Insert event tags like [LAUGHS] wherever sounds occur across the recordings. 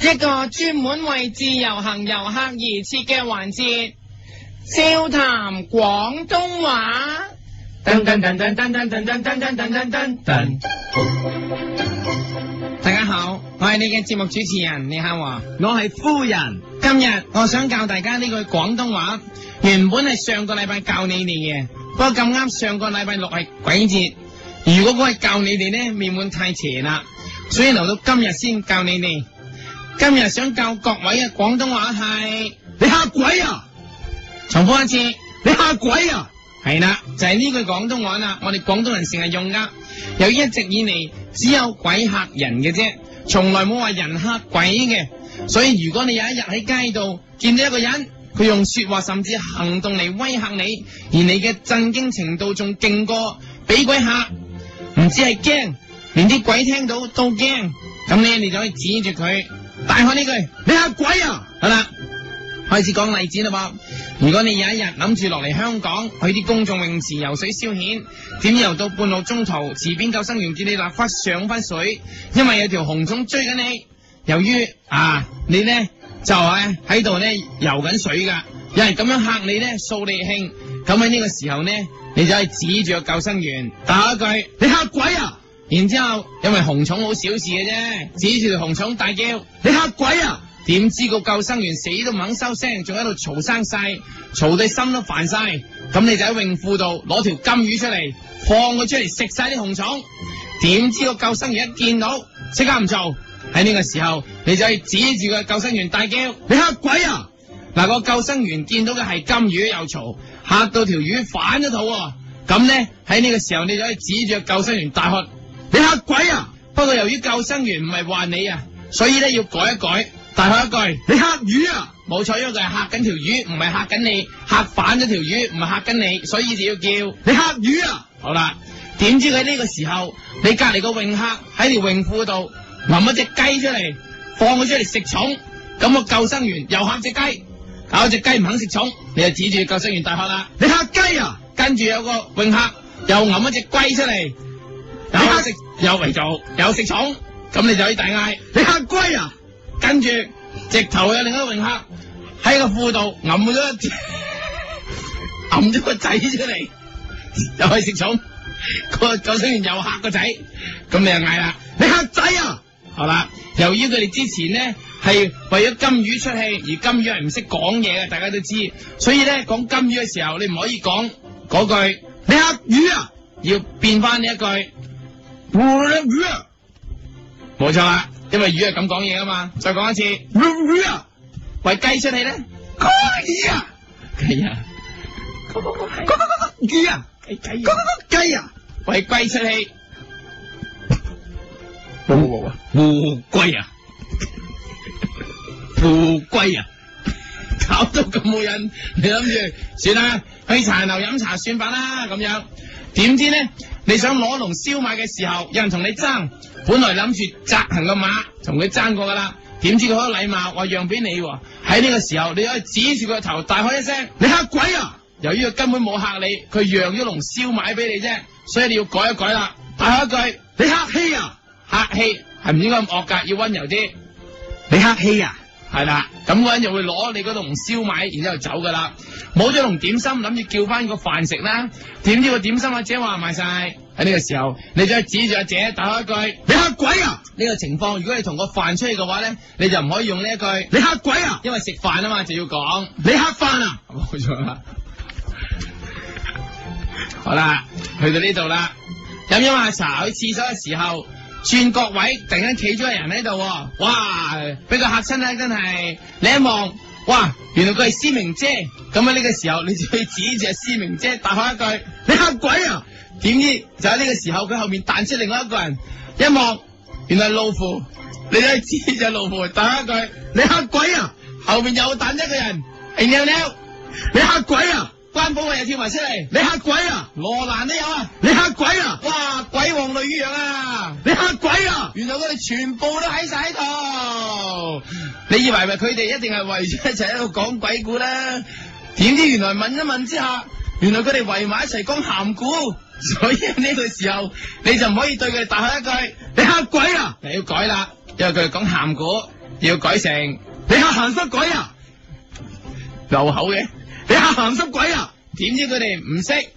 一個專門為自由行遊客而設嘅環節，笑談廣東話。大家好，我係你嘅節目主持人，李你係、嗯、我係夫人。今日我想教大家呢句廣東話，原本係上個禮拜教你哋嘅，不過咁啱上個禮拜六係鬼節，如果我係教你哋呢，面目太邪啦，所以留到今日先教你哋。今日想教各位嘅廣東話係你嚇鬼啊！重複一次，你嚇鬼啊！係啦，就係呢句廣東話啦。我哋廣東人成日用噶，由於一直以嚟，只有鬼嚇人嘅啫，從來冇話人嚇鬼嘅。所以如果你有一日喺街度見到一個人，佢用說話甚至行動嚟威嚇你，而你嘅震驚程度仲勁過俾鬼嚇，唔知係驚，連啲鬼聽到都驚。咁咧，你就可以指住佢。大我呢句，你嚇鬼啊！好啦，開始講例子啦。如果你有一日諗住落嚟香港去啲公眾泳池游水消遣，點游到半路中途，池邊救生員見你立忽上忽水，因為有條紅蟲追緊你。由於啊，你咧就喺喺度咧游緊水噶，有人咁樣嚇你咧掃你興。咁喺呢個時候咧，你就係指住個救生員打一句，你嚇鬼啊！然之後，因為紅蟲好小事嘅啫，指住條紅蟲大叫，你嚇鬼呀！點知個救生員死都唔肯收聲，仲喺度嘈生曬，嘈到心都煩晒。咁你就喺泳褲度攞條金魚出嚟，放佢出嚟食晒啲紅蟲。點知個救生員一見到，即刻唔做。喺呢個時候，你就係指住個救生員大叫，你嚇鬼呀！嗱，個救生員見到嘅係金魚又嘈，嚇到條魚反咗肚。咁咧喺呢個時候，你就係指住救生員大喝，嚇鬼啊！不過由於救生員唔係話你啊，所以咧要改一改，大喊一句：你嚇魚啊！冇錯，因為佢係嚇緊條魚，唔係嚇緊你，嚇反咗條魚，唔係嚇緊你，所以就要叫你嚇魚啊！好啦，點知佢呢個時候，你隔籬個泳客喺條泳褲度揞一隻雞出嚟，放佢出嚟食蟲，咁個救生員又嚇隻雞，嚇咗隻雞唔肯食蟲，你就指住救生員大喊啦：你嚇雞啊！跟住有個泳客又揞一隻龜出嚟。有圍做有食蟲，咁你就可以大嗌，你嚇龜啊！跟住直頭有另一個泳客喺個褲度揞咗揞咗個仔出嚟，又可以食蟲。個狗星員又嚇個仔，咁你又嗌啦，你嚇仔啊！好啦，由於佢哋之前呢，係為咗金魚出氣，而金魚係唔識講嘢嘅，大家都知，所以咧講金魚嘅時候，你唔可以講嗰句你嚇魚啊，要變翻呢一句。胡咧魚啊，冇錯啦，因為魚係咁講嘢啊嘛，再講一次，魚啊，喂雞出氣咧，雞啊，係啊，啊，啊，魚啊，雞啊，喂雞出氣，冇冇啊，烏龜啊，烏龜啊，搞到咁冇癮，你諗住，算啦，去茶樓飲茶算法啦，咁樣。點知咧？你想攞籠燒賣嘅時候，有人同你爭。本來諗住責行個馬，同佢爭過噶啦。點知佢好有禮貌，我讓俾你喎。喺呢個時候，你可以指住佢個頭，大喊一聲：你嚇鬼啊！由於佢根本冇嚇你，佢讓咗籠燒賣俾你啫。所以你要改一改啦，大喊一句：你嚇氣啊！嚇氣係唔應該咁惡㗎，要溫柔啲。你嚇氣啊！係啦，咁嗰、那個、人就會攞你嗰籠燒米，然之後走噶啦。冇咗籠點心，諗住叫翻個飯食啦。點知個點心阿、啊、姐話賣晒。喺呢個時候，你再指住阿姐打一句：你嚇鬼啊！呢個情況，如果你同個飯出去嘅話咧，你就唔可以用呢一句：你嚇鬼啊！因為食飯啊嘛，就要講你吓飯啊。冇錯啦。好啦，去到呢度啦。飲飲下茶，去廁所嘅時候轉角位，突然間企咗個人喺度，哇！俾佢嚇親咧，真係你一望，哇！原來佢係司明姐，咁啊呢個時候你就去指住司明姐，大喊一句：你嚇鬼啊！點知就喺呢個時候佢後面彈出另外一個人，一望原來老虎，你都係指住老虎，大 [LAUGHS] 喊一句：你嚇鬼啊！後面又彈一個人，靚靚，你嚇鬼啊！間寶又跳埋出嚟，你嚇鬼啊！羅蘭都有，你嚇鬼啊！哇，鬼王類魚樣啊！你嚇鬼啊！原來佢哋全部都喺晒喺度， [NOISE] 你以為咪佢哋一定係圍住一齊喺度講鬼故咧？點知原來問一問之下，原來佢哋圍埋一齊講鹹故，所以呢個時候你就唔可以對佢大下一句：你嚇鬼啊你！你要改啦，因為佢哋講鹹故，要改成你嚇鹹濕鬼啊！漏口嘅。你嚇鹹濕鬼啊？點知佢哋唔識，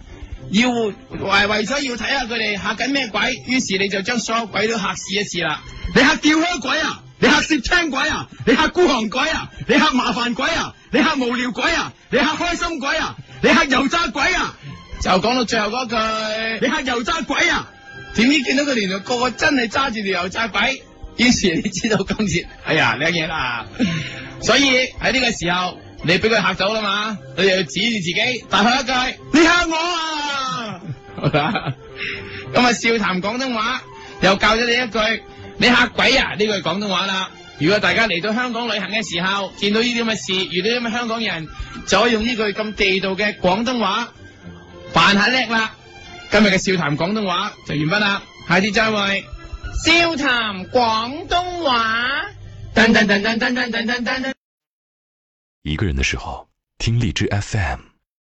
要為為咗要睇下佢哋嚇緊咩鬼，於是你就將所有鬼都嚇試一次啦。你嚇吊靴鬼啊？你嚇攝青鬼啊？你嚇孤寒鬼啊？你嚇麻煩鬼啊？你嚇無聊鬼啊？你嚇開心鬼啊？你嚇油炸鬼啊？就講到最後嗰句，你嚇油炸鬼啊？點知見到佢哋連個個真係揸住條油炸鬼，於是你知道今次哎呀你阿爺啦，啊、 [LAUGHS] 所以喺呢個時候。你俾佢嚇走啦嘛！你又指住自己，大喊一句：你嚇我啊！咁啊，笑談廣東話又教咗你一句：你嚇鬼啊！呢句廣東話啦。如果大家嚟到香港旅行嘅時候，見到呢啲咁嘅事，遇到啲咁嘅香港人，就可以用呢句咁地道嘅廣東話，扮下叻啦。今日嘅笑談廣東話就完畢啦。下次再會，笑談廣東話。噔噔噔噔噔噔噔噔噔。一個人的時候，聽荔枝 FM。